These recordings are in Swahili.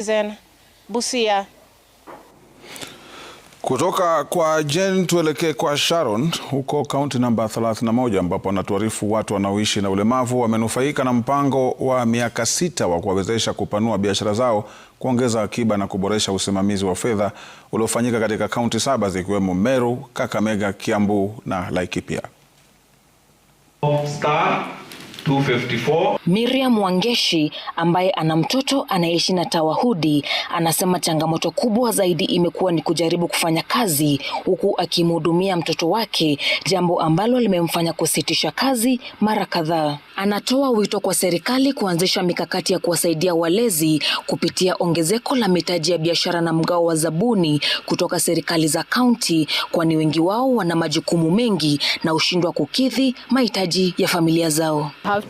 Citizen, Busia. Kutoka kwa Jen tuelekee kwa Sharon huko kaunti namba 31 ambapo anatuarifu watu wanaoishi na ulemavu wamenufaika na mpango wa miaka sita wa kuwawezesha kupanua biashara zao, kuongeza akiba na kuboresha usimamizi wa fedha uliofanyika katika kaunti saba zikiwemo Meru, Kakamega, Kiambu na Laikipia. Star. 254. Miriam Wangeshi ambaye ana mtoto anayeishi na tawahudi anasema changamoto kubwa zaidi imekuwa ni kujaribu kufanya kazi huku akimhudumia mtoto wake, jambo ambalo limemfanya kusitisha kazi mara kadhaa. Anatoa wito kwa serikali kuanzisha mikakati ya kuwasaidia walezi kupitia ongezeko la mitaji ya biashara na mgao wa zabuni kutoka serikali za kaunti, kwani wengi wao wana majukumu mengi na ushindwa kukidhi mahitaji ya familia zao. I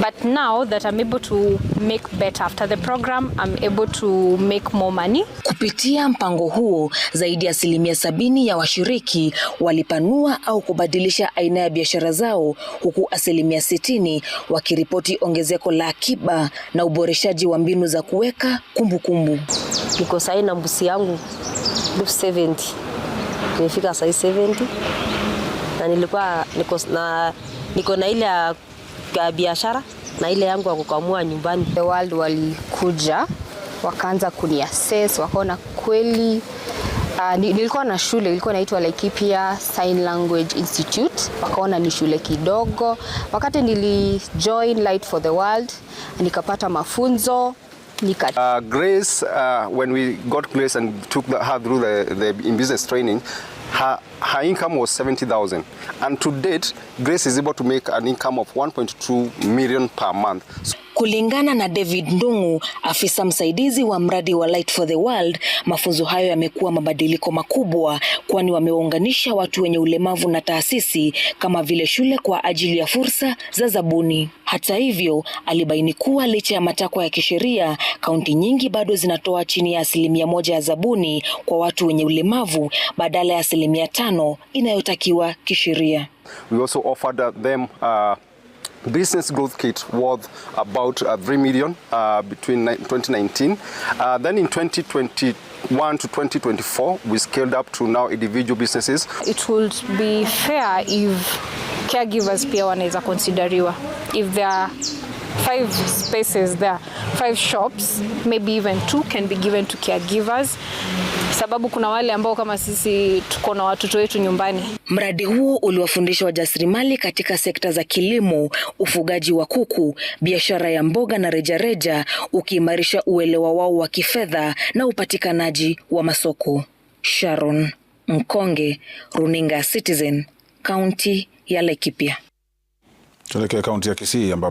But now that I'm able to make better after the program, I'm able to make more money. Kupitia mpango huo, zaidi ya asilimia sabini ya washiriki walipanua au kubadilisha aina ya biashara zao, huku asilimia sitini wakiripoti ongezeko la akiba na uboreshaji wa mbinu za kuweka kumbukumbu. Niko sahi na mbusi yangu 70 nimefika sahi 70 na nilikuwa niko na, niko na ile ya biashara na ile yangu ya kukamua nyumbani. The World walikuja wakaanza kuniassess, wakaona kweli Uh, nilikuwa na shule ilikuwa inaitwa Laikipia Sign Language Institute, wakaona ni shule kidogo. Wakati nilijoin Light for the World nikapata mafunzo applicant. Uh, Grace, uh, when we got Grace and took the, her through the, the in business training, her, her income was 70,000 and to date Grace is able to make an income of 1.2 million per month. So Kulingana na David Ndungu, afisa msaidizi wa mradi wa Light for the World, mafunzo hayo yamekuwa mabadiliko makubwa, kwani wamewaunganisha watu wenye ulemavu na taasisi kama vile shule kwa ajili ya fursa za zabuni. Hata hivyo, alibaini kuwa licha ya matakwa ya kisheria, kaunti nyingi bado zinatoa chini ya asilimia moja ya zabuni kwa watu wenye ulemavu badala ya asilimia tano inayotakiwa kisheria. We also offered them, uh business growth kit worth about uh, 3 million uh, between 2019. Uh, then in 2021 to 2024 we scaled up to now individual businesses. It would be fair if caregivers pia wanaweza consideriwa if they are five spaces there, five shops, maybe even two can be given to caregivers sababu kuna wale ambao kama sisi tuko na watoto wetu nyumbani. Mradi huu uliwafundisha wajasiriamali katika sekta za kilimo, ufugaji wa kuku, biashara ya mboga na rejareja, ukiimarisha uelewa wao wa kifedha na upatikanaji wa masoko. Sharon Mkonge, Runinga Citizen, kaunti ya Laikipia. Tuelekee kaunti ya Kisii ambapo